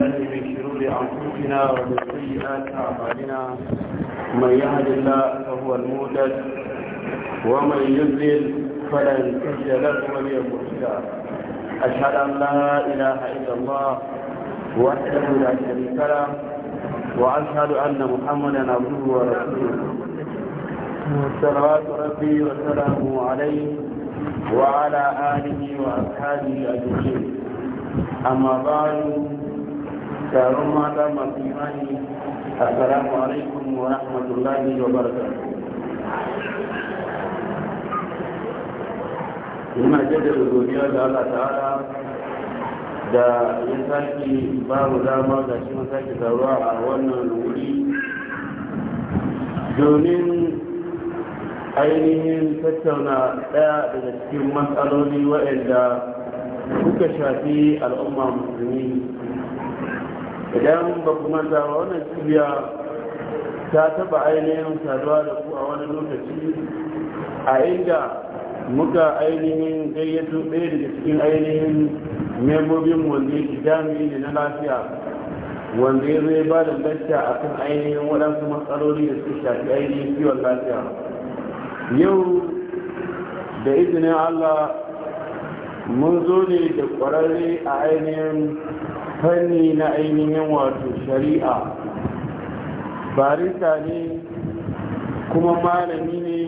من شرور أنفسنا ومن سيئات أعمالنا من يهد الله فهو المهتد ومن يضلل فلن تجد له وليا مرشدا أشهد أن لا إله إلا الله وحده لا شريك له وأشهد أن محمدا عبده ورسوله صلوات ربي وسلامه عليه وعلى آله وأصحابه أجمعين أما بعد taron mata masu imani assalamu alaikum wa rahmatullahi wa barakatuh ina jaddada godiya ga Allah ta'ala da ya sake ba mu dama ga shi mun sake taruwa a wannan wuri domin ainihin tattauna ɗaya daga cikin matsaloli waɗanda suka shafi al'umma musulmi idan ba ku manta wannan cibiya ta taba ainihin saduwa da ku a wani lokaci a inda muka ainihin gayyato ɗaya daga cikin ainihin membobin wanda yake jami'i ne na lafiya wanda ya zai ba da lacca a kan ainihin waɗansu matsaloli da suka shafi ainihin kiwon lafiya yau da izinin allah mun zo ne da ƙwararre a ainihin fanni na ainihin wato shari'a barista ne kuma malami ne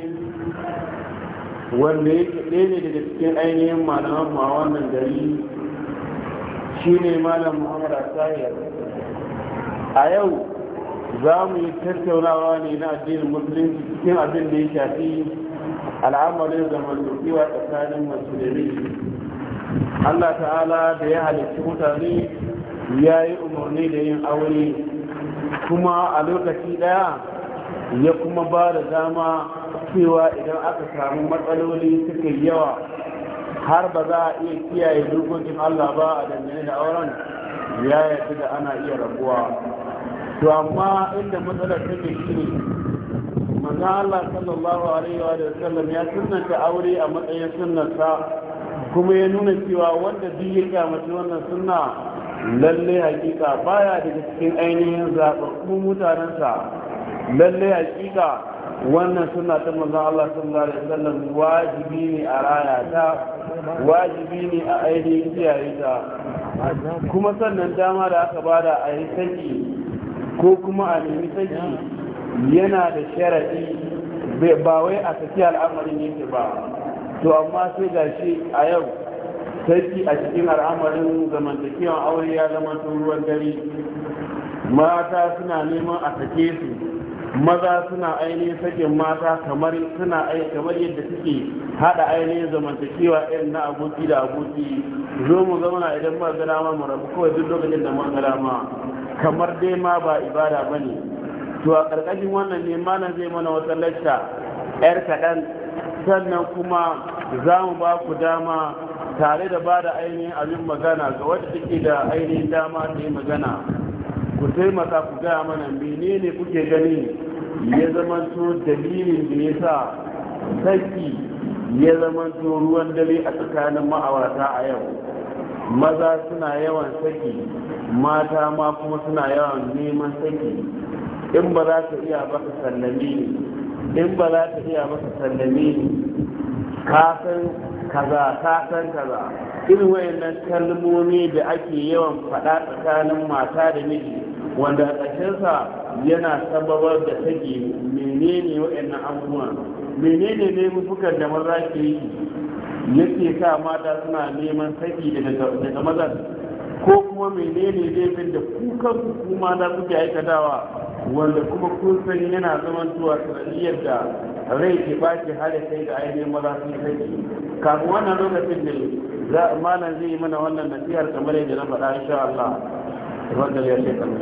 wanda yake ɗaya ne daga cikin ainihin malaman ma wannan gari shi ne malam muhammad asayar a yau za mu yi tattaunawa ne na addinin musulunci cikin abin da ya shafi al'amarin zamantakewa tsakanin musulmi allah ta'ala da ya halittu mutane ya yi umarni da yin aure kuma a lokaci daya ya kuma ba da dama cewa idan aka samu matsaloli suka yawa har ba za a iya kiyaye dokokin allah ba a dangane da auren ya yarda da ana iya rabuwa to amma inda matsalar take shi ne manzo allah sallallahu alaihi wa sallam ya sunnanta aure a matsayin sunnarsa kuma ya nuna cewa wanda duk ya kyamaci wannan sunna lalle hakika baya daga cikin ainihin zaɓaɓɓun mutanensa Lallai hakika wannan suna ta maza Allah sallallahu alaihi wasallam wajibi ne a raya ta wajibi ne a ainihin kiyaye ta kuma sannan dama da aka bada a yi saki ko kuma a nemi saki yana da sharaɗi ba wai a saki al'amarin yake ba to amma sai gashi a yau sarki a cikin al'amarin zamantakewa aure ya zama ruwan dare mata suna neman a sake su maza suna ainihin sakin mata kamar suna kamar yadda suke hada ainihin zamantakewa irin na aboki da aboki zo mu zauna idan ba ga ma mu rabu kawai duk lokacin da mu ma? kamar dai ma ba ibada bane to a karkashin wannan ne mana zai mana wata lacca yar kaɗan sannan kuma za mu ba ku dama tare da ba da ainihin abin magana ga wadda take da ainihin dama ta yi magana ku taimaka ku gaya mana menene kuke gani ya zama zamanto dalilin da ya sa saki ya zama zamanto ruwan dare a tsakanin ma'aurata a yau maza suna yawan saki mata ma kuma suna yawan neman saki in ba za ta iya ba ka sallame in ba za ta iya ba ka sallame ka san kaza ka san kaza irin wayannan kalmomi da ake yawan faɗa tsakanin mata da miji wanda a ƙarshensa yana sababar da take menene wayannan abubuwan menene ne mufukan da maza ke yi yake sa mata suna neman saki daga maza ko kuma menene laifin da kukan kuma na kuke aikatawa wanda kuma kun sani yana zaman tuwa sanadiyar da rai ke ɓaci har sai da ainihin maza sun saki kafin wannan lokacin da za a malam zai yi mana wannan nasihar kamar yadda na faɗa insha Allah wanda ya ce kan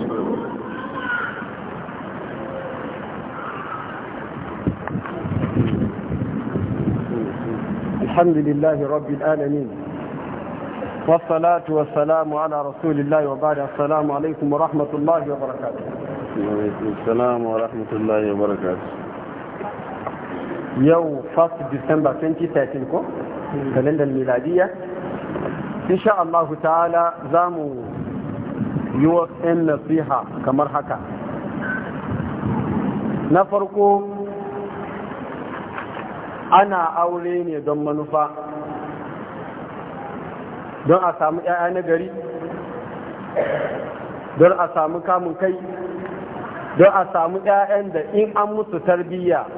الحمد لله رب العالمين والصلاة والسلام على رسول الله وبعد السلام عليكم ورحمة الله وبركاته وعليكم السلام ورحمة الله وبركاته yau 1 December 2013 ko kalendar miladiya insha Allah ta'ala za mu yi wa ɗan nasiha kamar haka na farko ana aure ne don manufa don a samu 'ya'ya na gari don a samu kamun kai don a samu 'ya'yan da in an musu tarbiyya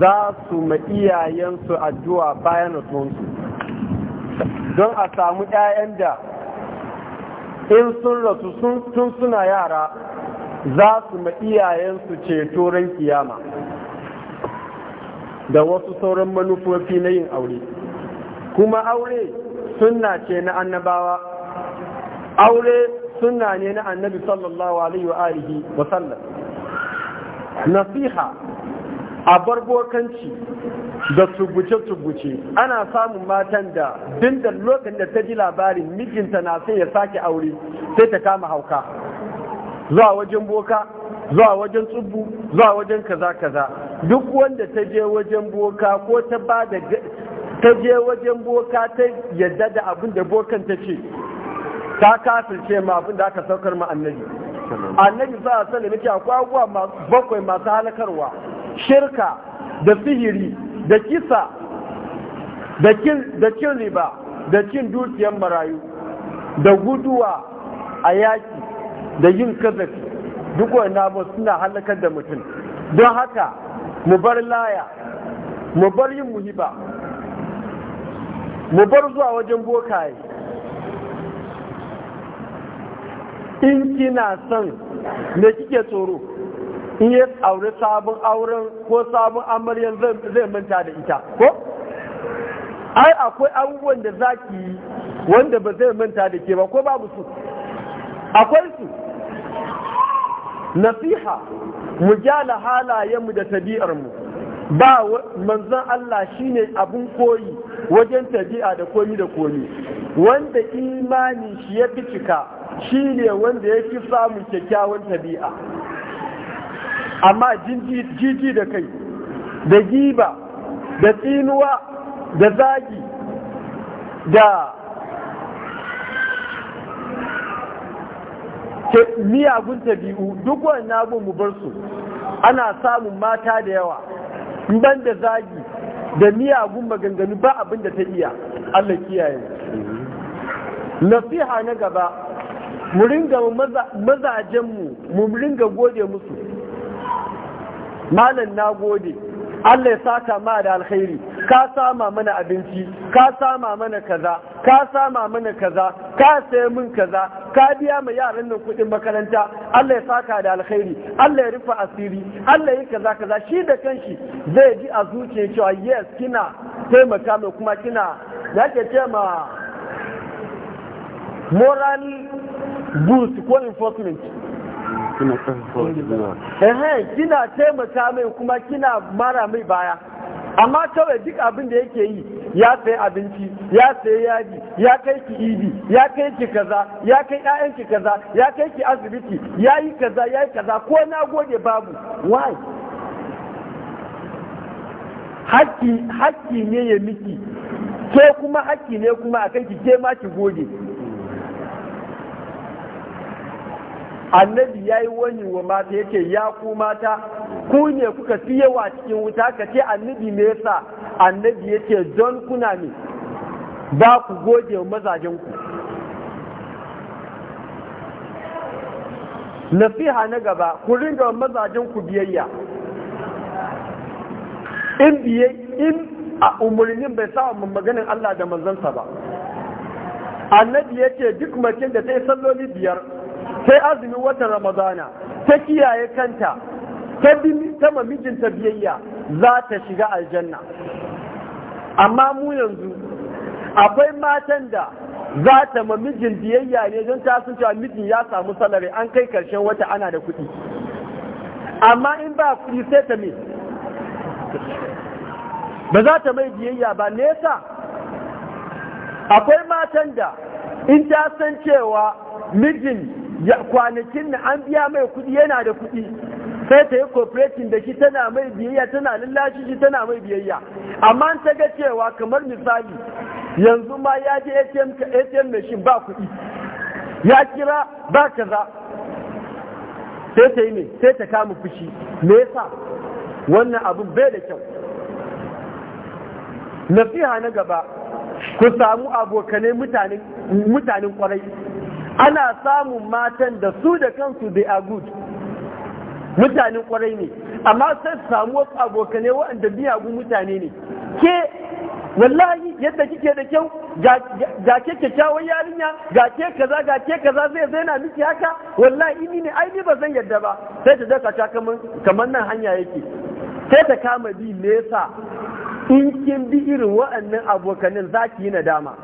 za su ma iyayensu addu'a bayan rasuwansu don a samu ‘ya'yan da in sun rasu tun suna yara za su ma iyayensu ceto ran kiyama da wasu sauran manufofi na yin aure kuma aure suna ce na annabawa aure suna ne na annabi sallallahu alaihi wa alihi nasiha a barbokanci da tubuce-tubuce ana samun matan da dinda lokacin da ta ji labarin mijinta na sai ya sake aure sai ta kama hauka zuwa wajen boka zuwa wajen tsubu zuwa wajen kaza-kaza duk wanda ta je wajen boka ko ta ba da ta je wajen boka ta yadda da abin da bokan ta ce ta kasance ma abin da aka saukar ma annabi annabi za a da ce akwai abubuwa bakwai masu halakarwa shirka da sihiri da kisa da cin riba da cin dukiyar marayu da guduwa a yaki da yin kazafi duk wani abu suna halakar da mutum don haka mu bar laya mu bar yin muhiba mu bar zuwa wajen bokaye in kina son me kike tsoro in ya aure sabon auren ko sabon amaryan zai manta da ita ko ai akwai abubuwan da za ki yi wanda ba zai manta da ke ba ko babu su akwai su nasiha mu gyara halayenmu da tabi'armu ba manzon Allah shi ne abin koyi wajen tabi'a da komi da komi wanda imani shi ya fi cika shine wanda ya fi samun kyakkyawan tabi'a amma jiji da kai da giba da tsinuwa da zagi da miyagun tabi'u duk wannan abin mu bar su ana samun mata da yawa ban da zagi da miyagun maganganu ba abin da ta iya Allah kiyaye nasiha na gaba mu ringa mazajenmu mu ringa gode musu malam na gode Allah ya saka ma da alkhairi ka sama mana abinci ka sama mana kaza ka sama mana kaza ka saya mun kaza ka biya ma yaran nan kuɗin makaranta Allah ya saka da alkhairi Allah ya rufe asiri Allah ya kaza kaza shi da kanshi zai ji a zuciya cewa yes kina taimaka mai kuma kina yake ce moral boost ko enforcement kina eh kina taimaka mai kuma kina mara mai baya amma kawai duk abin da yake yi ya sayi abinci ya sayi yaji ya kai ki ibi, ya kai ki kaza ya kai ƴaƴan ki kaza ya kai ki asibiti ya yi kaza ya yi kaza ko na gode babu why hakki ne ya miki ke kuma hakki ne kuma akan ki ke ma ki gode annabi ya yi wani wa mata ya ya ku mata ku ne kuka fi yawa cikin wuta ka ce annabi me yasa annabi ya don kuna ne ba ku goge mazajenku nasiha na gaba ku ringa mazajenku biyayya in biye in a umarnin bai sa mu maganin Allah da manzansa ba annabi yake ce duk macin da ta yi salloli biyar sai azumin watan ramadana ta kiyaye kanta ta ma mijinta biyayya za ta shiga aljanna amma mu yanzu akwai matan da za ta ma biyayya ne don ta sun cewa mijin ya samu salari an kai karshen wata ana da kuɗi amma in ba kuɗi sai ta mai ba za ta mai biyayya ba nesa akwai matan da in ta san cewa mijin kwanakin na an biya mai kuɗi yana da kuɗi sai ta yi cooperating da shi tana mai biyayya tana lullashi shi tana mai biyayya amma ta ga cewa kamar misali yanzu ma ya je atm machine ba kuɗi ya kira ba kaza sai ta yi ne sai ta kama fushi me yasa wannan abin bai da kyau nasiha na gaba ku samu abokanai mutanen kwarai ana samun matan da su da kansu they are good mutanen kwarai ne amma sai samu wasu abokanai waɗanda biyagun mutane ne ke wallahi yadda kike da kyau ga ke kyakkyawar yarinya ga ke kaza ga ke kaza zai zaina miki haka wallahi ni ne ai ni ba zan yadda ba sai ta daka ta kamar nan hanya yake sai ta kama bi nesa in kin bi irin waɗannan abokanin za ki yi nadama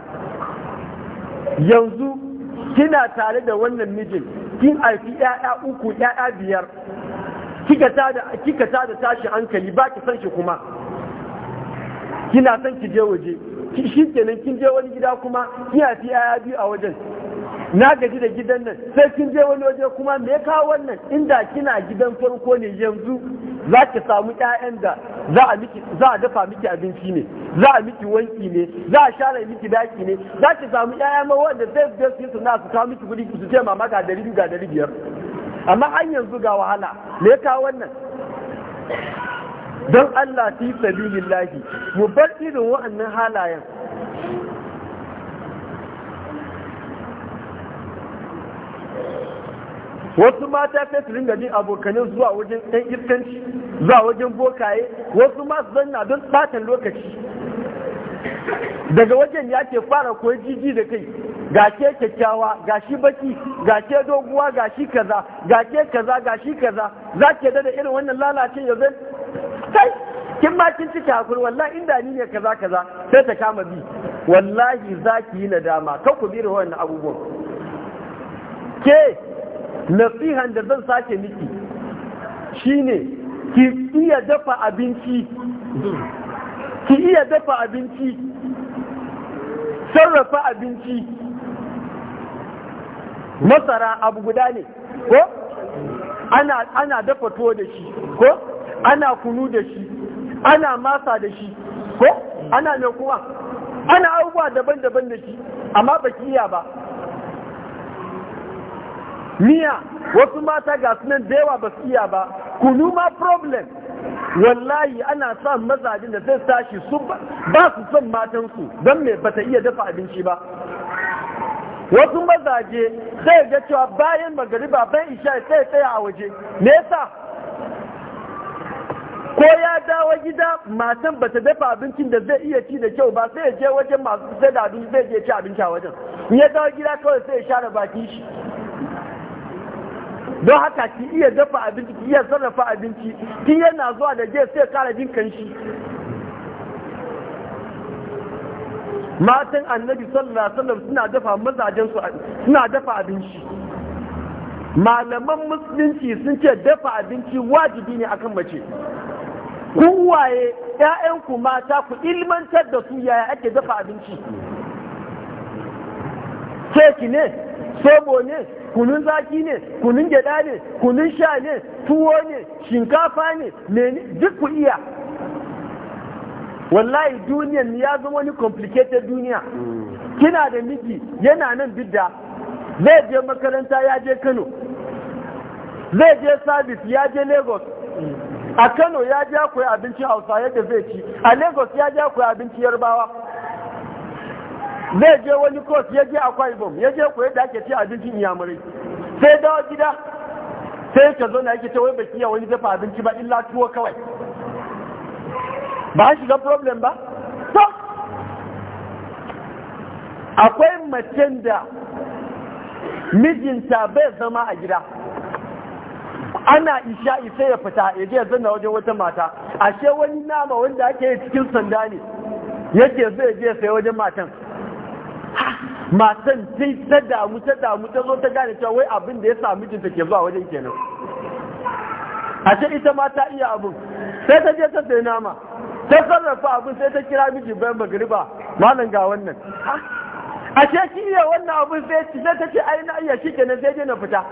yanzu kina tare da wannan mijin kin haifi ƴaƴa uku ƴaƴa biyar kika tada kika da tashi hankali ba ki san shi kuma kina san ki je waje shi kenan kin je wani gida kuma kin haifi ƴaƴa biyu a wajen na gaji da gidan nan sai kin je wani waje kuma me ka wannan inda kina gidan farko ne yanzu za ki samu ƴaƴan da za a miki za a dafa miki abinci ne za a miki wanki ne za a share miki daki ne za ki samu ƴaƴa ma wanda zai da su su na su kawo miki kuɗi su ce mama ga dari ga dari biyar amma an yanzu ga wahala me ka wannan don Allah fi sabilillahi mu bar irin wa'annan halayen wasu mata sai su ringa jin abokanin zuwa wajen ɗan iskanci zuwa wajen bokaye wasu ma su zanna don ɓatan lokaci daga wajen ya ke fara koyi jiji da kai ga ke kyakkyawa ga shi baki ga ke doguwa ga shi kaza ga ke kaza ga shi kaza za ke da irin wannan lalace ya zai kai kin ma kin cika hakuri wallahi inda ni ne kaza kaza sai ta kama bi wallahi za ki yi nadama kan ku bi wannan abubuwan ke nasihan da zan sake miki shine ki iya dafa abinci ki iya dafa abinci sarrafa abinci masara abu guda ne ko ana dafa tuwo da shi ko ana kunu da shi ana masa da shi ko ana mai kuma ana abubuwa daban-daban da shi amma baki iya ba miya wasu mata ga sunan da yawa ba su iya ba kunu ma problem wallahi ana sa mazajin da zai tashi su ba su son matansu don me ta iya dafa abinci ba wasu mazaje sai ga cewa bayan magariba bayan isha sai tsaya a waje me yasa ko ya dawo gida matan ta dafa abincin da zai iya ci da kyau ba sai ya je wajen masu sai da abinci zai je ci abinci a wajen in ya dawo gida kawai sai ya share baki shi don haka ki iya dafa abinci ki iya sarrafa abinci ki yana zuwa da je sai kara jin kanshi matan annabi sallallahu alaihi wasallam suna dafa mazajen su suna dafa abinci malaman musulunci sun ce dafa abinci wajibi ne akan mace ku waye 'ya'yanku mata ku ilmantar da su yaya ake dafa abinci ki ne sobo ne kunun zaki ne kunun gyada ne kunun sha ne tuwo ne shinkafa ne duk ku iya wallahi duniyan ya zama wani complicated duniya hmm. kina da miji yana nan bidda zai je makaranta ya je kano zai je service ya je lagos hmm. a kano ya je akwai abincin hausa yadda zai ci a lagos ya je akwai abincin yarbawa zai je wani kos ya je akwai bom ya je koyar da ake ci abincin iyamurai sai dawo gida sai ka zo na yake ce wai baki wani dafa abinci ba illa tuwo kawai ba shiga problem ba so akwai macen da mijinta bai zama a gida ana isha isa ya fita ya je zanna wajen wata mata ashe wani nama wanda ake cikin sanda ne yake zai je sai wajen matan matan sai ta damu ta damu ta zo ta gane cewa wai abin da ya sa mijinta ke zuwa wajen kenan a ce ita ma ta iya abin sai ta je ta sai nama ta sarrafa abin sai ta kira miji bayan magriba malam ga wannan a ce ki iya wannan abin sai ta ce ai na iya shi kenan sai je na fita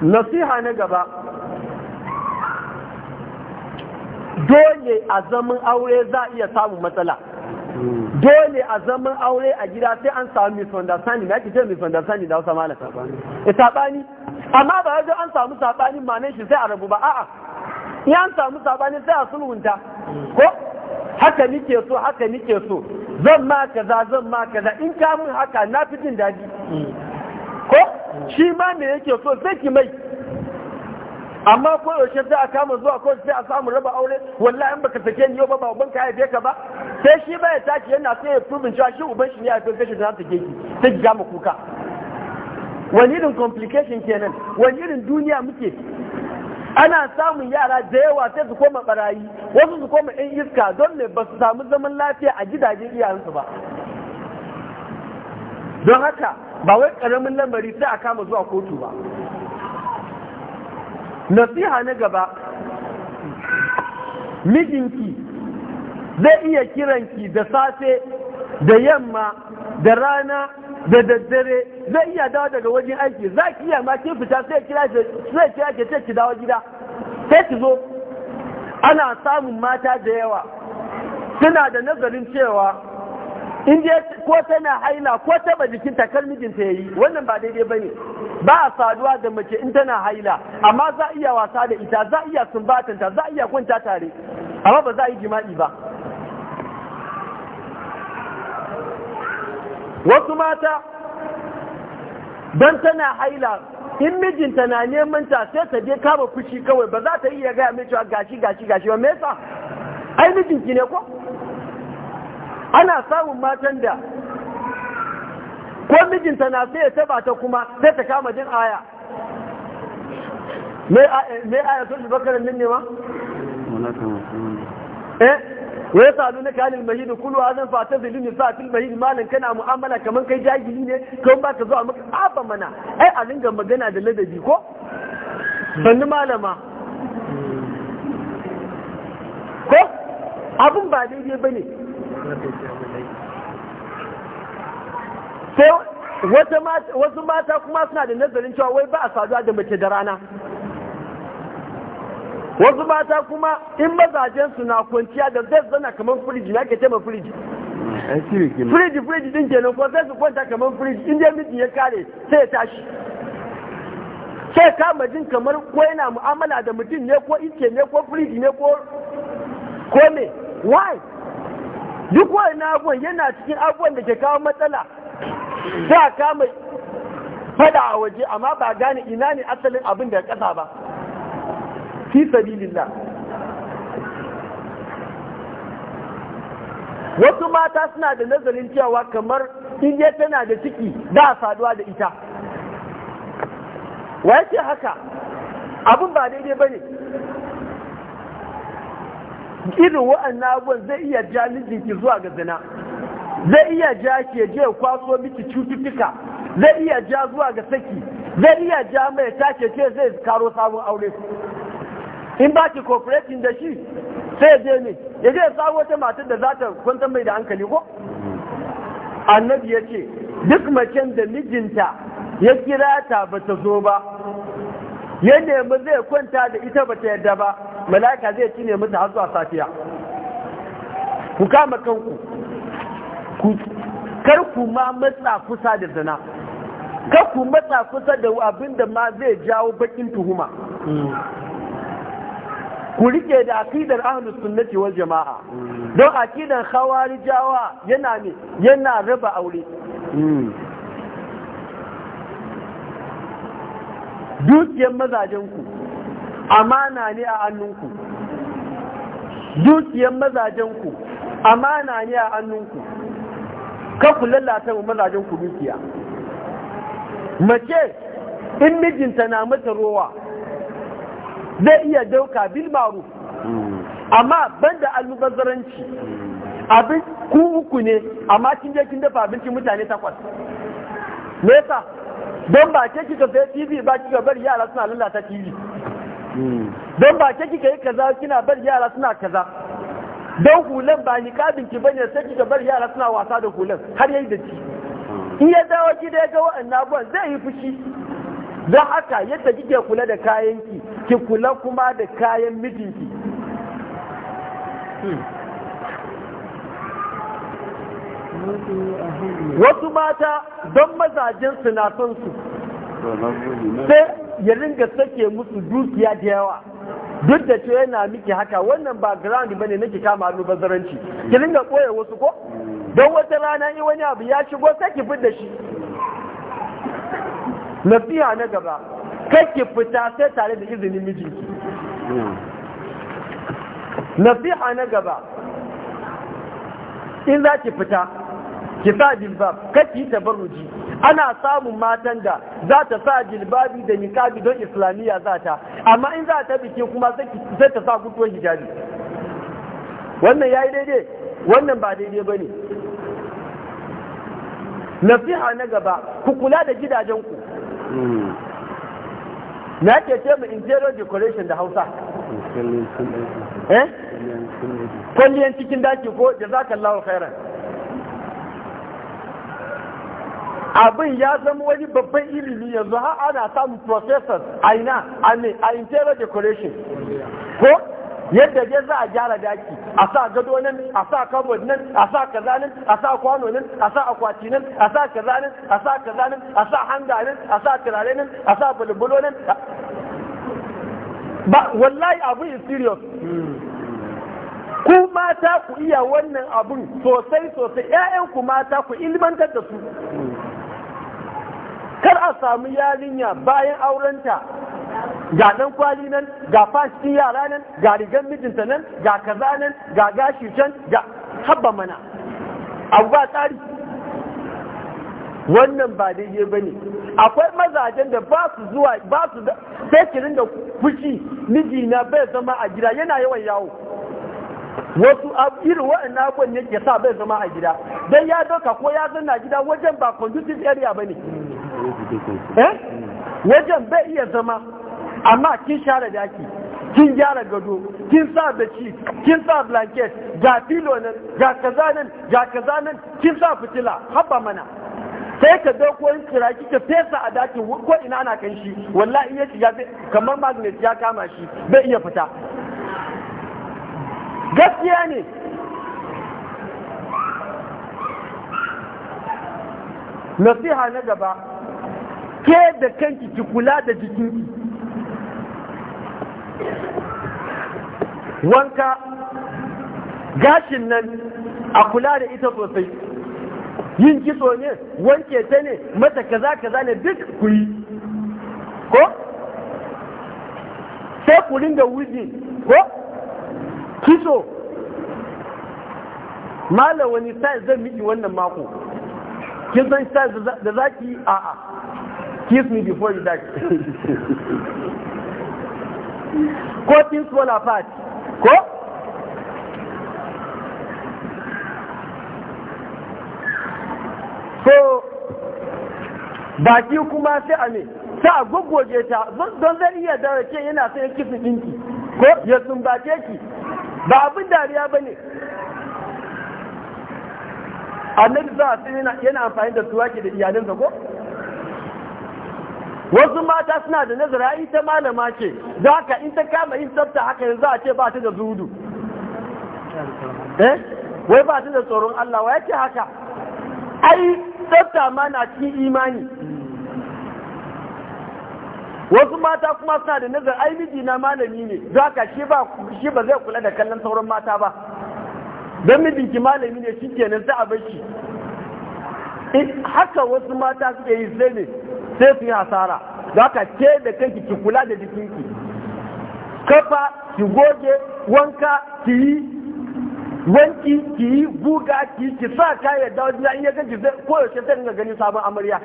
nasiha na gaba dole a zaman aure za iya samun matsala dole a zaman aure a gida sai an samu misunderstanding na ce misunderstanding da wasa malam e eh, sabani amma ba yadda an samu ma nan shi sai a rabu ba a'a in an samu sabani sai a sulhunta ko haka nike so haka nike so zan ma kaza zan ma kaza in ka mun haka na fi jin daɗi ko shi ma me yake so sai ki mai amma ko yaushe za a kama zuwa ko sai a samu raba aure wallahi in baka sake ni yau ba babanka ban ka ka ba sai shi baya tashi yana sai ya tubin cewa shi uban shi ne ya haife kashi ta take ki sai ga mu kuka wani irin complication kenan wani irin duniya muke ana samun yara da yawa sai su koma barayi wasu su koma yan iska don ne ba su samu zaman lafiya a gidajen iyayensu ba don haka ba wai karamin lamari sai a kama zuwa kotu ba nasiha na gaba mijinki zai iya kiranki da safe da yamma da rana da daddare zai iya dawo daga wajen aiki za ki iya ma kin fita sai kira sai kira ke ce ki dawo gida sai ki zo ana samun mata da yawa suna da nazarin cewa in je ko tana haila ko ta ba jikin takar mijinta yayi wannan ba daidai bane ba a saduwa da mace in tana haila amma za iya wasa da ita za iya sumbatanta za iya kwanta tare amma ba za a yi jima'i ba wasu mata don tana haila in mijinta na neman ta sai ta je kama fushi kawai ba za ta iya gaya mai cewa gashi gashi gashi ba me yasa ai mijinki ne ko ana samun matan da kwan mijinta na sai ya taba ta kuma sai ta kama jin aya me aya sun bakarin nan ne ma? eh wa ya sa'adu na kanin mahidu kulu zan fa ta zilu ni fil mahidu malin kana mu'amala kamar kai jahili ne kan ba ka zuwa maka aba mana ai a dinga magana da ladabi ko sannu malama ko abin ba daidai ba ne. So wasu mata kuma suna da nazarin cewa wai ba a saduwa da mace da rana wasu mata kuma in mazajen suna na kwanciya da zai zana kamar firiji na ke ce ma firiji firiji firiji din kenan ko sai su kwanta kamar firiji inda miji ya kare sai ya tashi sai ka majin kamar ko yana mu'amala da mutum ne ko ice ne ko firiji ne ko ko me why duk wani abuwan yana cikin abuwan da ke kawo matsala za kama fada a waje amma ba gane ina ne asalin abin da kasa ba fi sabilillah wasu mata suna da nazarin cewa kamar indiya tana da ciki da saduwa da ita wa yake haka abin ba daidai ba ne irin wa'annan abubuwan zai iya ja mijinki zuwa ga zina zai iya ja ke je kwaso miki cututtuka zai iya ja zuwa ga saki zai iya ja mai ke ce zai karo sabon aure in ba ki cooperating da shi sai je ne ya je samu wata matar da za ta kwanta mai da hankali ko annabi ya ce duk macen da mijinta ya kira ta ba ta zo ba ya nemi zai kwanta da ita ba ta yarda ba mala'ika zai cine mutu har zuwa safiya ku kama kanku kar ku ma matsa kusa da zina kar ku matsa kusa da abinda ma zai jawo bakin tuhuma ku rike da akidar ahlus sunnati wal jama'a don aqidar khawarijawa yana ne yana raba aure dukiyar mazajen ku amana ne a hannunku dukiyar mazajenku amana ne a hannunku ku lalata wa mazajenku dukiya mace in mijinta na mata rowa zai iya dauka bil maru amma banda almubazzaranci abin ku uku ne amma kin je kin dafa abincin mutane takwas me yasa don ba ke kika sai TV ba kika bari yara suna lalata TV don ba ke kika yi kaza kina bar yara suna kaza don hulan ba kamin ki bane sai kika bar yara suna wasa da hulan har yayi da ci in ya dawo ki da ga wa'annan abubuwan zai yi fushi don haka yadda kike kula da kayanki ki kula kuma da kayan mijinki wasu mata don mazajen su su sai ya ringa sake musu dukiya da yawa duk da cewa yana miki haka wannan ba ground bane nake kama hannu bazaranci ki ringa koyar wasu ko don wata rana in wani abu ya shigo sai ki fita shi nasiha na gaba kai ki fita sai tare da izinin mijinki nasiha na gaba in za ki fita ki sa jilbab kai ki tabarruji ana samun matan da za ta sa jilbabi da nikabi don islamiyya za ta amma in za ta biki kuma sai ta sa gutuwar hijabi wannan ya yi daidai wannan ba daidai ne. nasiha na gaba ku kula da gidajen ku na hmm. ke ce mu interior decoration da hausa kwalliyan cikin daki eh? ko da za ka lawar khairan abin ya zama wani babban ilimi yanzu har ana samun processors aina a ne a interior decoration ko yadda dai za a gyara daki a sa gado nan a sa kabod nan a sa kaza nan a sa kwano nan a sa akwati nan a sa kaza nan a sa kaza nan a sa hanga nan a sa turare nan a sa bulbulo nan ba wallahi abu is serious ku mata ku iya wannan abun sosai sosai ƴaƴan ku mata ku ilmantar da su kar a samu yarinya bayan aurenta ga dan kwali nan ga fashi yara nan ga rigar mijinta nan ga kaza nan ga gashi can ga haba mana abu ba tsari wannan ba daidai ba ne akwai mazajen da ba su zuwa ba su da fekirin da fushi mijina bai zama a gida yana yawan yawo wasu irin waɗannan na ne ke sa bai zama a gida don ya doka ko ya zanna gida wajen ba conducive area ba ne Eh? wajen bai iya zama amma kin share daki kin gyara gado kin sa ci kin sa blanket ga filo nan ga kaza nan ga kaza kin sa fitila haba mana sai ka dauko in kira kika fesa a dakin ko ina ana kan shi wallahi iya ya shiga kamar magnet ya kama shi bai iya fita gaskiya ne nasiha na gaba ke da kanki ki kula da jikinki wanka gashin nan a kula da ita sosai yin kitso ne wanke ta ne mata kaza kaza ne duk ku yi ko sai ku da wuji ko kitso malam wani sa zan miki wannan mako kin san da zaki a'a kiss me before you die ko things fall apart ko so baki kuma sai a ne sai a goggoge ta don zan iya dawo ce yana sai kiss ɗinki ko ya sumbace ki ba abin dariya ba ne annabi za a yana amfani da suwaki da iyalinsa ko wasu mata suna da nazara ita malama ce za ka in ta kama in tsafta haka yanzu a ce ba ta da zudu eh wai ba ta da tsoron Allah wa yake haka ai tsabta ma na cikin imani wasu mata kuma suna da nazar ai miji na malami ne za ka shi ba shi ba zai kula da kallon sauran mata ba don ki malami ne shi kenan za a bar shi haka wasu mata suke yi sai ne sai su yi hasara za ka ke da kanki ki kula da jikinki kafa ki goge wanka ki yi wanki ki yi buga ki ki sa kaya da wajen in ya ganki ko yaushe zai gani sabon amarya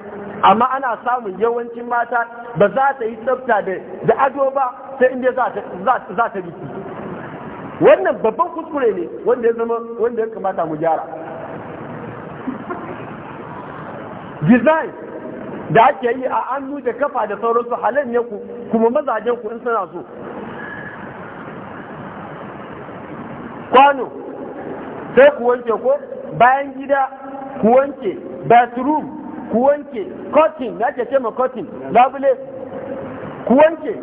amma ana samun yawancin mata ba za ta yi tsafta da ado ba sai inda za ta biki wannan babban kuskure ne wanda ya zama wanda ya kamata mu gyara design da ake yi a an da kafa da sauransu halin ne ku kuma mazajen ku in suna so kwano sai ku wanke ko bayan gida ku wanke bathroom ku wanke cotton ya ke ce ma cotton labule ku wanke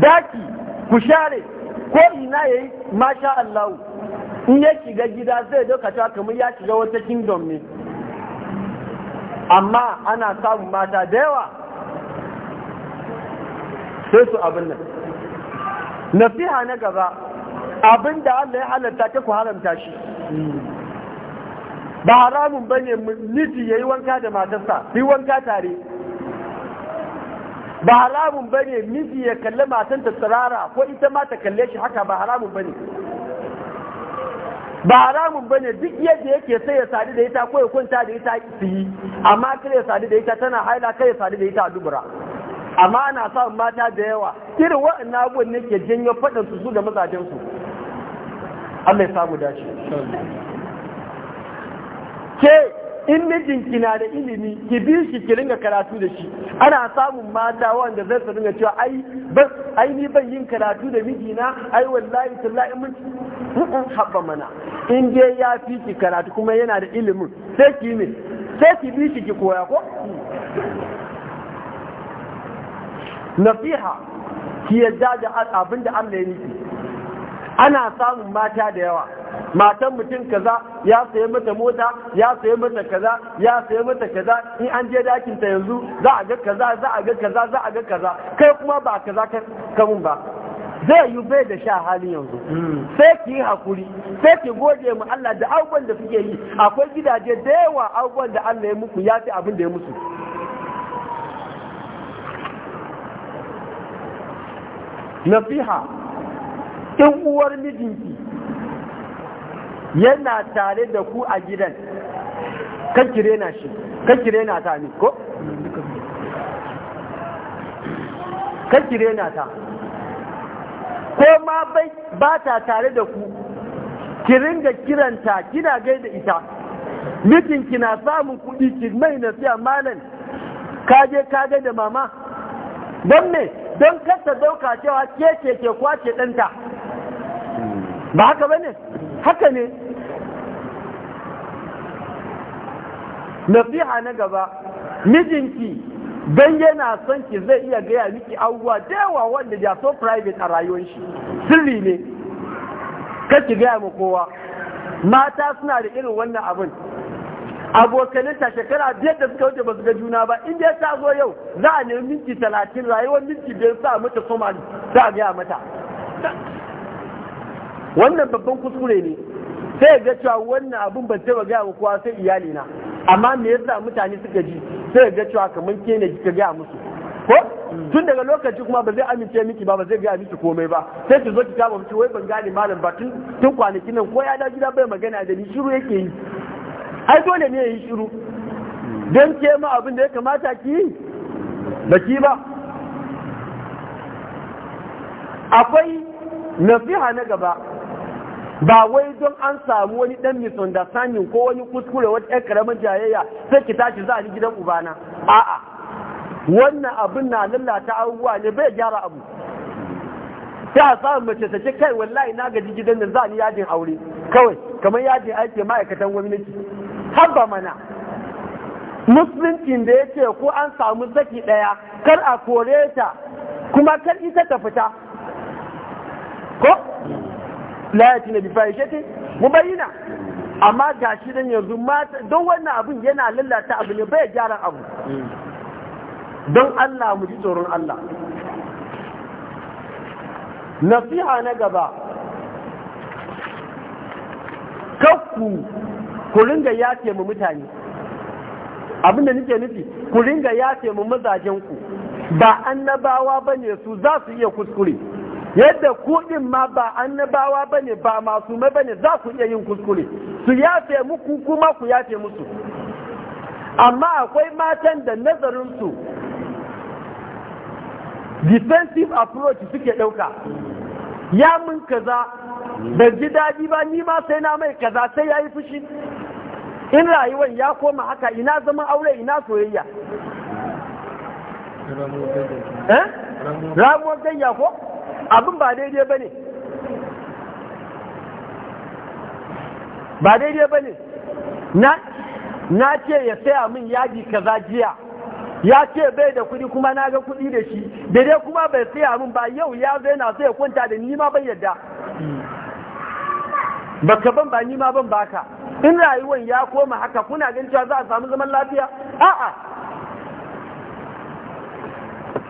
daki ku share ko ina yayi masha Allah in ya shiga gida zai ɗaukata kamar ya shiga wata kingdom ne amma ana samun mata da yawa sai su abin nan nasiha na gaba abin da Allah ya halatta ta ku haramta shi ba haramun bane miji yayi wanka da matarsa yi wanka tare ba haramun bane miji ya kalli matan ta tsirara ko ita ma ta kalle shi haka ba haramun bane ba haramun bane duk yadda yake sai ya sadu da ita ko ya kwanta da ita su yi amma kar ya sadu da ita tana haila kar ya sadu da ita a dubura amma ana samun mata da yawa irin waɗannan abubuwan ne ke janyo faɗin su su da mazajen su Allah ya samu dace ke in mijinki na da ilimi ki bi shi ki ringa karatu da shi ana samun mata wanda zai su ringa cewa ai bas ai ni ban yin karatu da mijina ai wallahi tallahi mun haɓa mana in dai ya fi ki karatu kuma yana da ilimin sai ki ne sai ki bi shi ki koya ko Nafiha ki yadda da abinda da Allah ya nufi ana samun mata da yawa matan mutum kaza ya sayi mata mota ya sayi mata kaza ya sayi mata kaza in an je dakin ta yanzu za a ga kaza za a ga kaza za a ga kaza kai kuma ba kaza kamun ba zai yi bai da sha halin yanzu hmm. sai ki yi hakuri sai ki gode mu Allah da abubuwan da suke yi akwai gidaje da yawa abubuwan da Allah ya muku ya fi abin da ya musu nasiha in uwar mijinki yana tare da ku a gidan kan na shi kan na ta ne ko kan na ta ko ma ba ta tare da ku kirin da kiranta kina gai da ita mijinki na samun kuɗi ki mai nasiya malam kage kage da mama don me don kasa dauka cewa ke ke ke kwace ɗanta ba haka ba ne haka ne nasiha na gaba mijinki don yana son ki zai iya gaya miki abubuwa da yawa wanda ya so private a rayuwar shi sirri ne ki gaya ma kowa mata suna da irin wannan abin abokaninta shekara biyar da suka wuce ba su ga juna ba in dai ta zo yau za a nemi minti talatin rayuwar minti biyar sa mata kuma za a gaya mata wannan babban kuskure ne sai ga cewa wannan abin sai ba gaya kowa sai iyalina amma me yasa mutane suka ji sai ga cewa kamar ke ne kika gaya musu ko mm. tun daga lokaci kuma ba zai amince miki ba ba zai gaya miki komai ba sai ki zo ki kama miki wai ban gane malam ba tun tun kwanakin nan ko ya da gida bai magana da ni shiru yake yi ai dole ne yayi shiru don ke ma abin da ya kamata ki yi ba ki ba akwai nasiha na gaba ba wai don an samu wani dan misunderstanding ko wani kuskure wata ƴan karamin jayayya sai ki tashi za a ni gidan ubana a'a wannan abin na lallata abubuwa ne bai gyara abu ta samu mace ta ce kai wallahi na gaji gidan da za ni yajin aure kawai kamar yajin aiki ma'aikatan gwamnati ba mana musulunci da ya ce ko an samu saki ɗaya kar a kore ta kuma kar ita ta fita ko la yatina ce mu bayyana amma gashi dan yanzu mata don wannan abun yana lalata abu ne bai gyara abu don Allah mu ji tsoron Allah nasiha na gaba kakku ku ringa yafe mu mutane abinda nike nufi ku ringa yafe mu mazajen ku ba annabawa bane su za su iya kuskure yadda kuɗin ma ba annabawa ba ne ba masu ba ne za ku iya yin kuskure su yafe muku kuma ku yafe musu amma akwai matan da nazarinsu defensive approach suke ɗauka ya mun kaza da ji daɗi ba ni ma sai na mai kaza sai ya yi fushi in rayuwar ya koma haka ina zama aure ina soyayya ramuwar gayya eh? ko abin ba daidai ba ne ba daidai ba ne na ce ya saya min yaji kaza jiya ya ce bai da kudi kuma na ga kudi da shi daidai kuma bai saya min ba yau ya zai na kwanta da nima ban yadda baka ban ba nima ban baka in rayuwan ya koma haka kuna gancewa cewa za a samu zaman lafiya a'a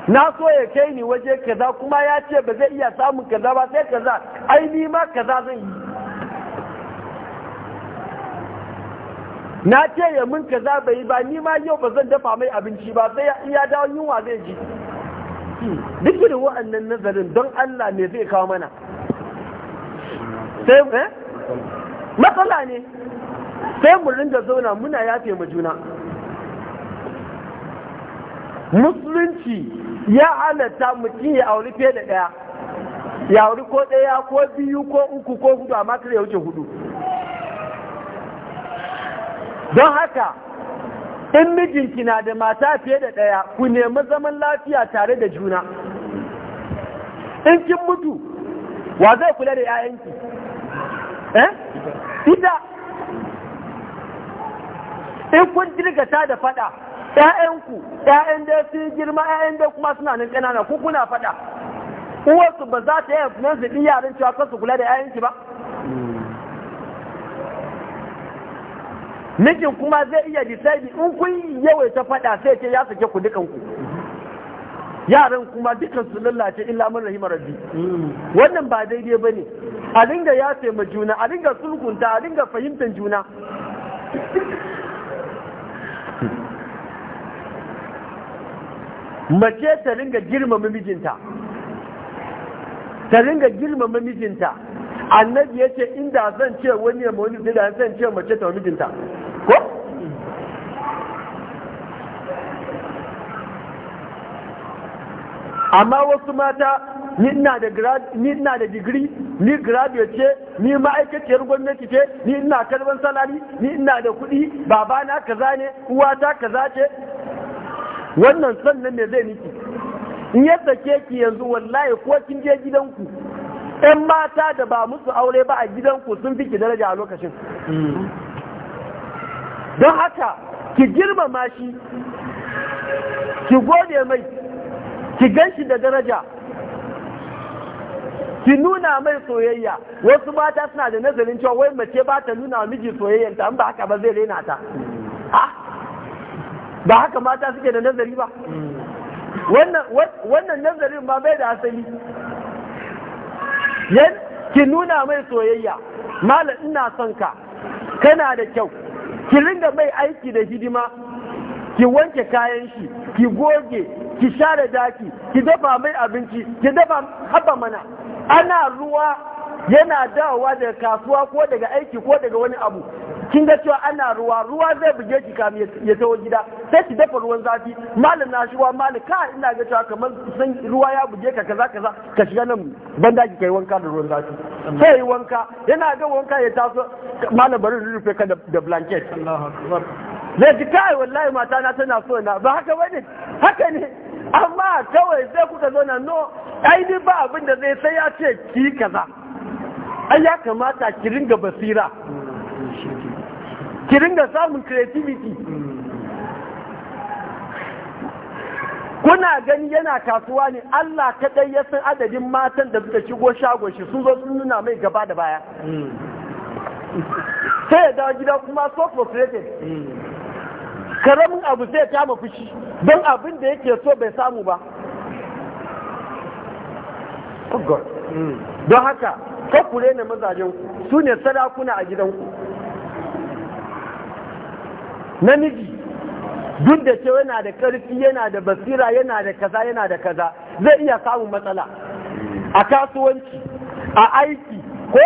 na so ya kai ni waje kaza kuma ya ce ba zai iya samun kaza ba sai kaza ai ni ma kaza zan yi na ce ya mun kaza bai yi ba ni ma yau ba zan dafa mai abinci ba sai ya dawo yunwa zai ji duk da wa'annan nazarin don Allah ne zai kawo mana sai eh matsala ne sai mu rinda zauna muna yafe ma juna musulunci ya halatta mutum ya auri fiye da ɗaya ya auri ko ɗaya ko biyu ko uku ko hudu amma kare ya wuce hudu don haka in mijinki na da mata fiye da ɗaya ku nemi zaman lafiya tare da juna in kin mutu wa zai kula da 'ya'yanki eh ita in kun dirgata da fada ƴaƴanku ƴaƴan da su girma ƴaƴan da kuma suna nan ƙanana ku kuna faɗa uwarsu ba za ta yi influence ɗin yaran cewa kan su kula da ƴaƴanki ba mijin kuma zai iya decide in kun yawaita faɗa sai ce ya sake ku dukanku yaran kuma dukan su lallace illa mun rahimar rabbi wannan ba daidai bane a dinga yafe ma juna a dinga sulkunta a dinga fahimtar juna mace ta ringa girmama mijinta ta ringa girmama mijinta annabi ya ce inda zan ce wani ya mawani zai da zan ce mace ta mijinta ko amma wasu mata ni ina da digiri ni graduate ce ni ma'aikaciyar gwamnati ce ni ina karban salari ni ina da kuɗi babana kaza ne uwata kaza ce wannan sannan ne zai miki in ya sake ki yanzu wallahi ko kin je gidanku ɗan mata da ba musu aure ba a gidanku sun fi ki daraja a lokacin don haka ki girmama shi ki gode mai ki gan shi da daraja ki nuna mai soyayya wasu mata suna da nazarin cewa wai mace ba ta nuna miji soyayyanta in ba haka ba zai rena ta ah! ba haka mata suke da nazari ba wannan nazarin ba bai da asali yan ki nuna mai soyayya malam ina son ka kana da kyau ki ringa mai aiki da hidima ki wanke kayan shi ki goge ki share daki ki dafa mai abinci ki dafa haba mana ana ruwa yana dawowa daga kasuwa ko daga aiki ko daga wani abu kin ga cewa ana ruwa ruwa zai buge ki kamin ya tawo gida sai ki dafa ruwan zafi malam na shi malam ka ina ga cewa kamar san ruwa ya buge ka kaza kaza ka shiga nan banda ki kai wanka da ruwan zafi sai wanka yana ga wanka ya taso malam bari rufe ka da blanket Allahu akbar zai kai wallahi mata na tana so na ba haka bane haka ne amma kawai sai kuka zo na no ai ba abin da zai sai ya ce ki kaza ai ya kamata ki ringa basira ki ringa samun creativity kuna gani yana kasuwa ne Allah kaɗai ya san adadin matan da suka shigo shagon shi sun zo sun nuna mai gaba da baya sai ya dawo gida kuma so frustrated karamin abu sai ya kama fushi don abin da yake so bai samu ba oh don haka ka ku rena mazajenku su ne sadakuna a gidanku namiji duk da cewa yana da ƙarfi yana da basira yana da kaza yana da kaza zai iya samun matsala a kasuwanci a aiki ko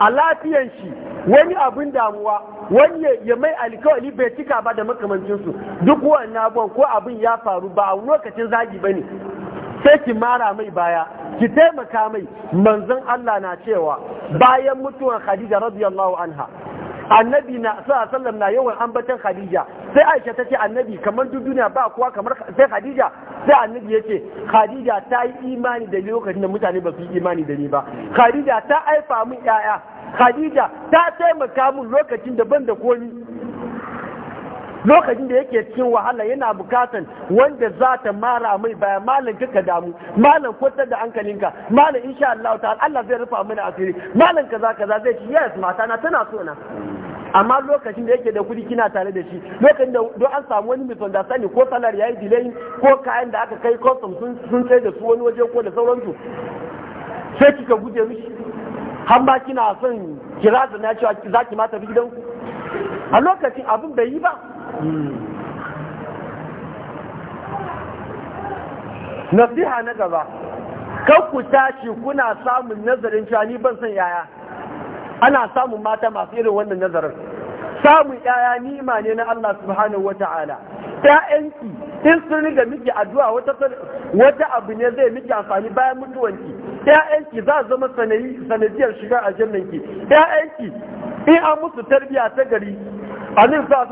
a lafiyan shi wani abin damuwa wani ya mai alkawali bai cika ba da makamancinsu duk wannan abubuwan ko abin ya faru ba a lokacin zagi ba ne sai ki mara mai baya ki taimaka mai manzon Allah na cewa bayan mutuwar Khadija radiyallahu anha annabi na sallallahu alaihi na yawan ambatan Khadija sai Aisha tace annabi kamar duk duniya ba kowa kamar sai Khadija sai annabi yace Khadija ta yi imani da ni lokacin da mutane ba su yi imani da ni ba Khadija ta aifa mun yaya Khadija ta taimaka mun lokacin da ban da komi lokacin da yake cikin wahala yana bukatan wanda za ta mara mai baya malam kika damu malam kwatar da hankalinka malam insha Allah ta Allah zai rufa mana asiri malam kaza kaza zai ci yes mata na tana so na amma lokacin da yake da kudi kina tare da shi lokacin da don an samu wani sani ko salar yayi delay ko kayan da aka kai custom sun sun sai da su wani waje ko da sauransu sai kika guje mishi har ma kina son kira da na cewa za ki ma tafi gidanku a lokacin abin bai yi ba Hmm. nasiha na gaba kan ku tashi kuna samun nazarin cewa ni ban san yaya ana samun mata masu irin wannan nazarin samun yaya nima ne na Allah subhanahu ta yanki in sun riga miki addu'a wata abu ne zai miki amfani bayan mutuwanki yanki za a zama sanayi sanadiyar shiga aljannanki yanki in an musu tarbiya ta gari annabi sa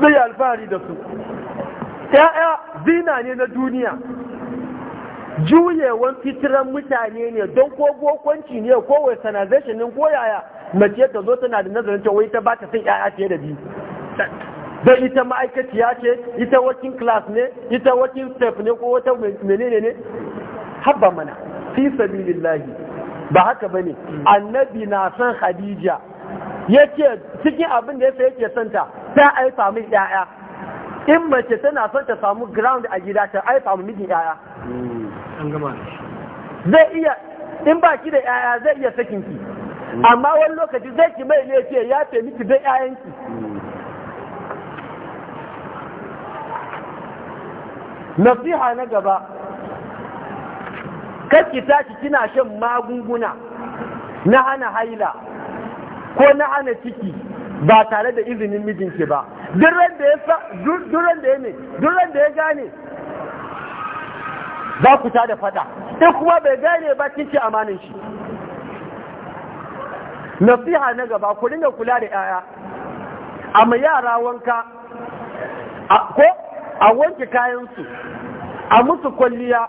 zai alfahari da su ‘ya'ya zina ne na duniya juyewan fitiran mutane ne don ko ne ko wai sanazation ko yaya mace ta zo tana da nazarin ta wai ta ba ta son ‘ya'ya fiye da biyu don ita ma'aikaciya ce ita working class ne ita working step ne ko wata menene ne habba mana fi sabilillahi ba haka bane annabi na san khadija yace cikin abin da yasa yake santa ta a yi samu yaya in mace tana son ta samu ground a gida ta ai samu mijin yaya hmm. zai iya in ba ki da yaya zai iya sakin ki hmm. amma wani lokaci zai ki mai ne ce ya fe miki zai yayan ki hmm. nasiha na gaba kar ki tashi kina shan magunguna na hana haila ko na hana ciki ba tare da izinin mijinki ba duran da ya duran da ne duran da ya gane za ku ta da fada in kuma bai gane ba kike amanin shi nasiha na gaba ku dinga kula da yaya amma yara wanka ko a wanke kayan su a musu kwalliya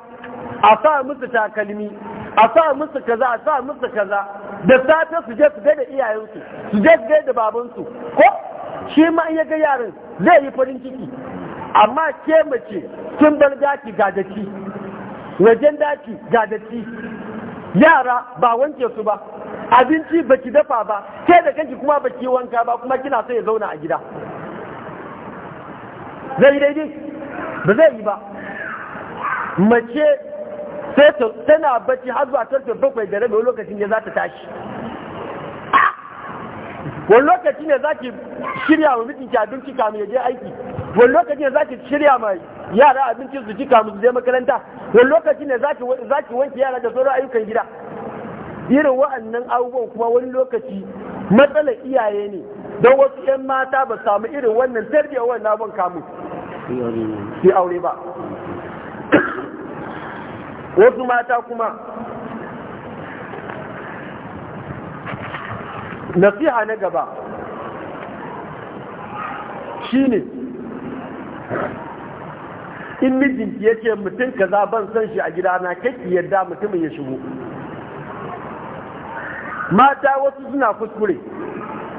a sa musu takalmi a sa musu kaza a sa musu kaza da safe su je su gaida iyayensu su je su gaida babansu ko shi ma ya ga yaran zai yi farin ciki amma ke mace sun bar daki ga daki wajen daki ga daki yara ba wanke su ba abinci baki dafa ba ke da kanki kuma baki wanka ba kuma kina so ya zauna a gida zai yi daidai ba zai yi ba mace tana bacci har zuwa karfe bakwai da rabi lokacin ne za ta tashi wani lokaci ne za ki shirya wa mijinki abinci kamun ya je aiki wani lokaci ne za ki shirya ma yara abincin su ci kamun su je makaranta wani lokaci ne za ki wanke yara da sauran ayyukan gida irin wa'annan abubuwan kuma wani lokaci matsalar iyaye ne don wasu 'yan mata ba samu irin wannan tarbiyyar wannan abin kamun sai aure ba wasu mata kuma nasiha na gaba shine in mijinki ya ce mutum za ban san shi a gidana kaki yadda mutumin ya shigo mata wasu suna kuskure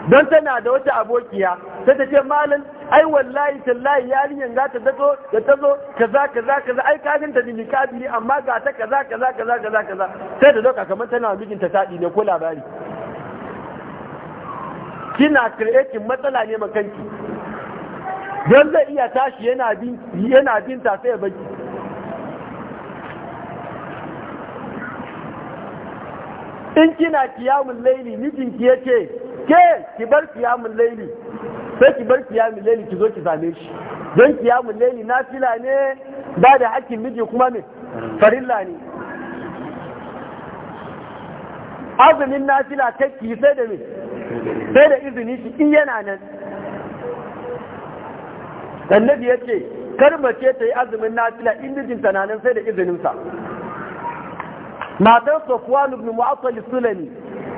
don tana da wata abokiya ta ta ce malin ai wallahi tallahi yarinyar za ta dazo da ta zo kaza kaza kaza ai kafin ta dimi ne amma ga ta kaza kaza kaza kaza kaza sai ta doka kamar tana mijinta tadi ne ko labari kina creating matsala ne makanki don zai iya tashi yana bin yana bin ta sai baki in kina kiyamun laili mijinki yace ke ki bar kiyamun laili sai ki bar kiyamun laili ki zo ki same shi don kiyamun laili na fila ne ba da hakkin miji kuma me farilla ne azumin na fila kai sai da me sai da izini shi in yana nan annabi ya ce kar mace ta yi azumin na fila in mijinta na nan sai da izininsa matar sofwan ibn mu'assal sulani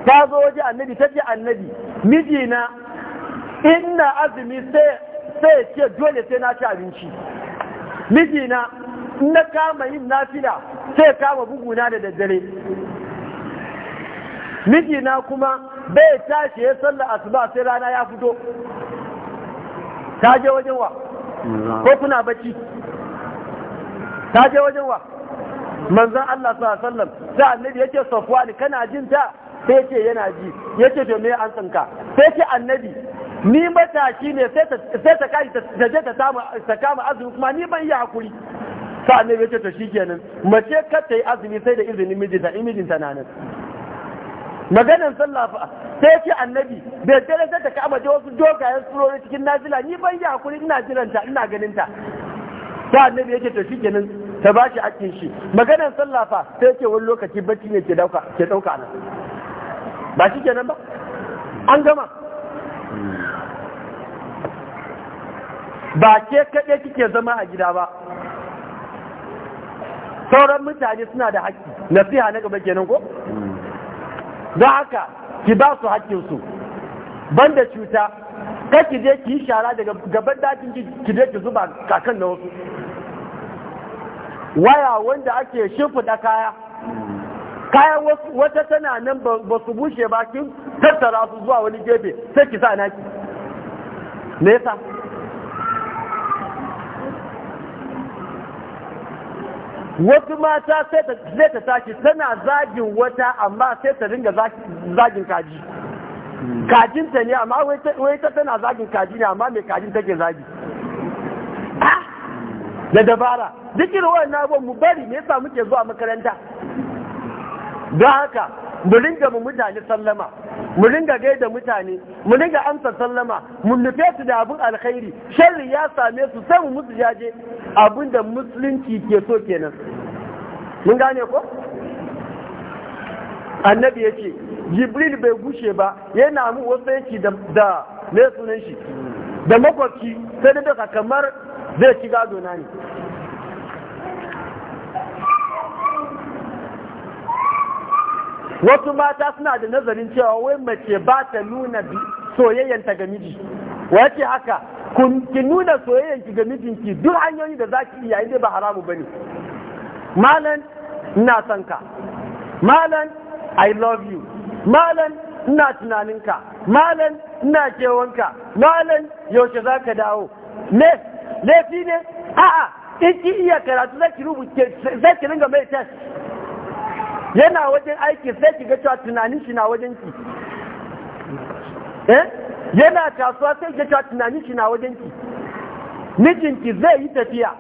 ta zo waje annabi ta ce annabi mijina ina azumi sai ce dole sai na ci abinci mijina na kama yin nafila sai kama buguna da daddare mijina kuma bai tashi ya salla asuba sai rana ya fito ta je wajen wa ko kuna bacci ta je wajen wa manzan Allah sallallahu alaihi wasallam sai annabi yake safwani kana jin ta sai ce yana ji ya to me an tsinka sai ce annabi ni matashi ne sai ta kashi ta je ta kama azumi kuma ni ban yi hakuri sa'an ne ce to kenan mace kar ta yi azumi sai da izinin mijinta in mijinta na nan maganan sallah fa sai ce annabi bai dare sai ta kama je wasu dogayen surori cikin nazila ni ban yi hakuri ina jiranta ina ganin ta sai annabi yake to kenan ta bashi hakkin shi maganan sallah fa sai ce wani lokaci bacci ne ke dauka ke dauka nan ba shi kenan ba an gama ba ke kaɗe kike zama a gida ba sauran mutane suna da haƙƙi nasiha na gaba kenan ko don haka ki ba su haƙƙinsu banda cuta ka ki je ki yi shara daga gaban dakin ki je ki zuba kakan na wasu waya wanda ake shimfiɗa kaya kayan wata tana nan ba su bushe ba kin tattara su zuwa wani gefe sai ki sa naki me yasa wasu mata sai ta tashi tana zagin wata amma sai ta ringa zagin kaji kajinta ne amma wai ta tana zagin kaji ne amma mai kajin take zagi da dabara duk irin wannan abubuwan mu bari me yasa muke zuwa makaranta don haka mu ringa mu mutane sallama mu ringa gaida mutane mu ringa amsa sallama mu nufe su da abin alkhairi sharri ya same su sai mu musu jaje abin da musulunci ke so kenan mun gane ko annabi ya ce jibril bai gushe ba yana mu wasu yake da ne sunan shi da makwabci sai da kamar zai ci gado na ne wasu mata suna da nazarin cewa wai mace ba ta nuna ta ga miji wace haka ki nuna ki ga mijinki duk hanyoyi da za ki iya inda ba haramu ba ne malan ina son ka malan i love you malan ina tunaninka malan ina kewanka malan yaushe za ka dawo laifi ne a'a in ki iya karatu za ki rubuta ki ringa mai test yana wajen aiki sai ki ga cewa tunanin shi na wajen ki eh yana kasuwa sai ga cewa tunanin shi na wajen ki mijin ki zai yi tafiya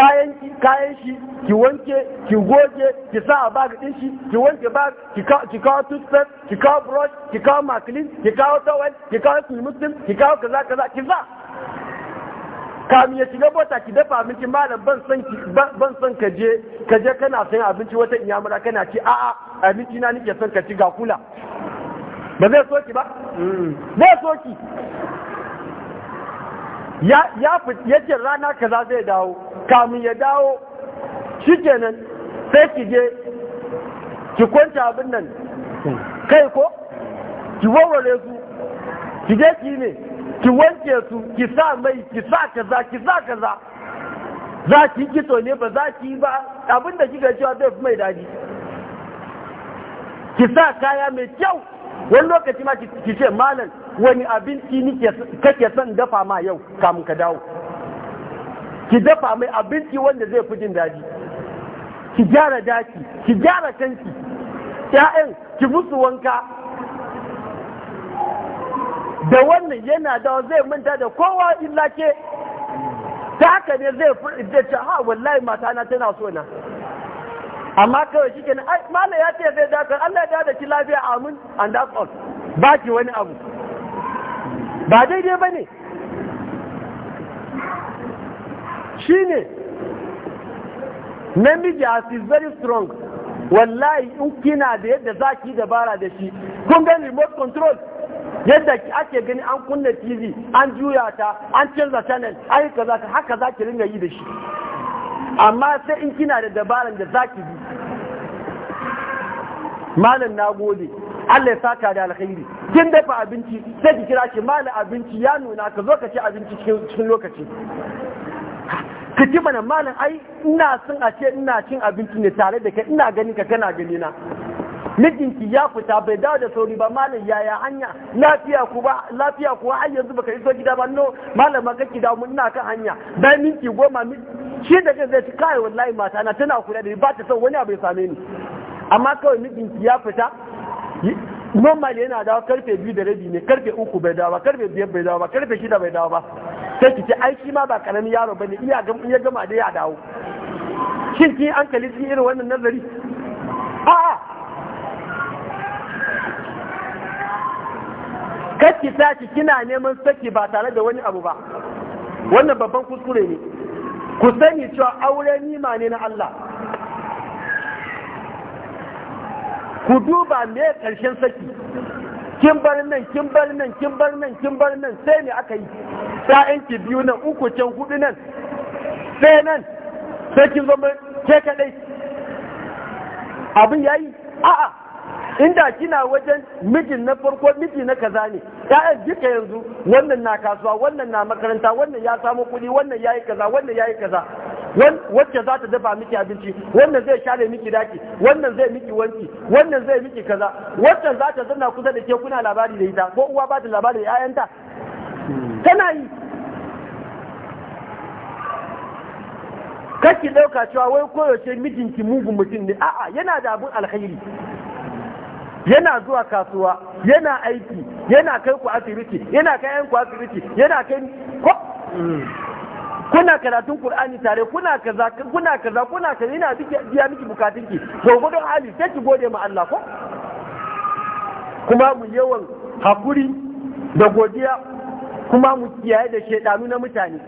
kayan ki kayan shi ki wanke ki goge ki sa a bag din shi ki wanke bag ki ka ki kawo toothpaste ki kawo brush ki kawo maclean ki kawo towel ki kawo muslim ki kawo kaza kaza ki sa kamin ya shiga bota ki dafa abinci malam ban san ki ban kana san abinci wata inyamura kana ci a'a abinci na nake son ka ci ga kula ba zai so ki ba hmm. zai so ki ya ya yake rana kaza zai dawo kamin ya dawo shikenan sai ki je ki kwanta abin nan kai ko ki warware su ki je ki ne ki wanke su ki sa mai ki sa kaza ki sa kaza za ki kitso ne ba za ki ba abinda kika cewa zai fi mai daɗi ki sa kaya mai kyau wani lokaci ma ki ce malam wani abinci ni kake son dafa ma yau kamun ka dawo ki dafa mai abinci wanda zai fi jin daɗi ki gyara daki ki gyara kanki 'ya'yan ki musu wanka da wannan yana da zai manta da kowa illa ke ta haka ne zai furta ta ha wallahi mata na tana so na amma kawai ke ne mana ya ce zai dakar Allah ya da ki lafiya amin and that's all ba ki wani abu ba daidai ba ne shi ne namiji as is very strong wallahi in kina da yadda za ki dabara da shi kun ga remote control yadda ake gani an kunna tv an juya ta an canza channel ai kaza ka haka za ki ringa yi da shi amma sai in kina da dabaran da za ki bi malam na gode Allah ya saka da alkhairi kin dafa abinci sai ki kira shi malam abinci ya nuna ka zo ka ci abinci cikin lokaci ka ci mana malam ai ina son a ce ina cin abinci ne tare da kai ina ganin ka kana gani na mijinki ya fita bai dawo da sauri ba malam yaya hanya lafiya ku ba lafiya ku har yanzu baka iso gida ba no malam ka ki dawo ina kan hanya bayan minki goma shi da kai zai kai wallahi mata na tana kula da ni ba ta son wani abu ya same ni amma kawai mijinki ya fita normal yana dawo karfe biyu da rabi ne karfe uku bai dawo ba karfe biyar bai dawo ba karfe shida bai dawo ba sai ki ce ai shi ma ba karamin yaro bane iya gama iya gama da ya dawo shin ki an kalli irin wannan nazari a'a kaki saki kina neman saki ba tare da wani abu ba wannan babban kuskure ne ku sani cewa aure nima ne na Allah ku duba me karshen saki kin bar nan kin bar nan kin bar nan kin bar nan sai me aka yi ki biyu nan uku can hudu nan sai nan sai kin zama ke kadai abin yayi a'a inda kina wajen mijin na farko miji na kaza ne Ya'yan duka yanzu wannan na kasuwa wannan na makaranta wannan ya samu kuɗi wannan yayi kaza wannan yayi kaza wacce za ta dafa miki abinci wannan zai share miki daki wannan zai miki wanki wannan zai miki kaza wacce za ta zanna kusa da ke kuna labari da ita ko uwa ba ta labari da ƴaƴanta tana yi kake ɗauka cewa wai koyaushe mijinki mugun mutum ne a'a yana da abun alkhairi yana zuwa kasuwa yana aiki yana kai ku asibiti yana kai yan ku asibiti yana kai ko kuna karatun Qur'ani tare kuna kaza kuna kaza kuna kaza yana biya miki bukatunki gurgudun hali sai ki gode ma Allah ko kuma mu yawan hakuri da godiya kuma mu kiyaye da shedanu na mutane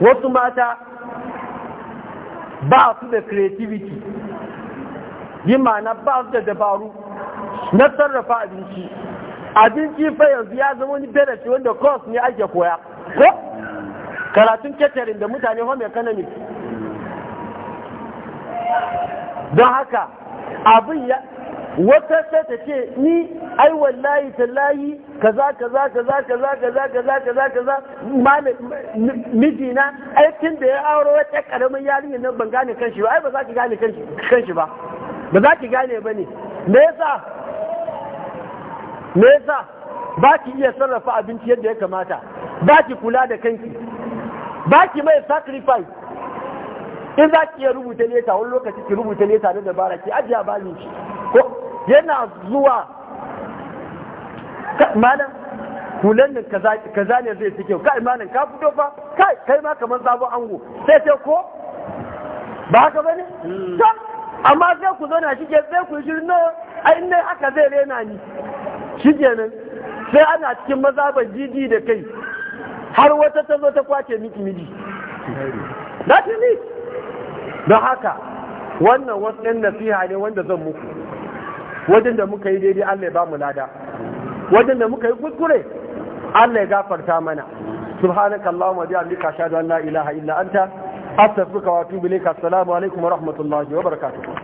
wasu mata ba su da creativity yi ma'ana ba su da dabaru na sarrafa abinci abinci fa yanzu ya zama wani darasi wanda cross ne ake koya ko karatun catering da mutane home economic don haka abin ya wata sai ta ce ni ai wallahi tallahi kaza kaza kaza kaza kaza kaza kaza kaza mali na ai tun da ya auro wata karamin yarinya nan ban gane kanshi ba ai ba za ki gane kanshi ba ba za ki gane ba ne me yasa me yasa ba ki iya sarrafa abinci yadda ya kamata ba ki kula da kanki ba ki mai sacrifice in za ki iya rubuta leta wani lokaci ki rubuta leta na dabara ki ajiya bani ki ko yana zuwa malam hulan nan kaza ne zai fi kyau kai malam ka fito fa kai kai ma kamar sabon ango sai sai ko ba ka bane hmm. to amma sai ku zo na shige sai ku shirin nan ai inda aka zai rena ni nan, sai ana cikin mazaban jiji da kai har wata ta zo ta kwace miki miji na ne don haka wannan wasu ɗan nasiha ne wanda zan muku wajen da muka yi daidai Allah ya ba mu lada waɗanda muka yi kuskure Allah ya gafarta mana subhanaka allahumma bihamdika ashhadu an la ilaha illa anta astaghfiruka wa atubu ilayka assalamu alaikum wa rahmatullahi wa barakatuh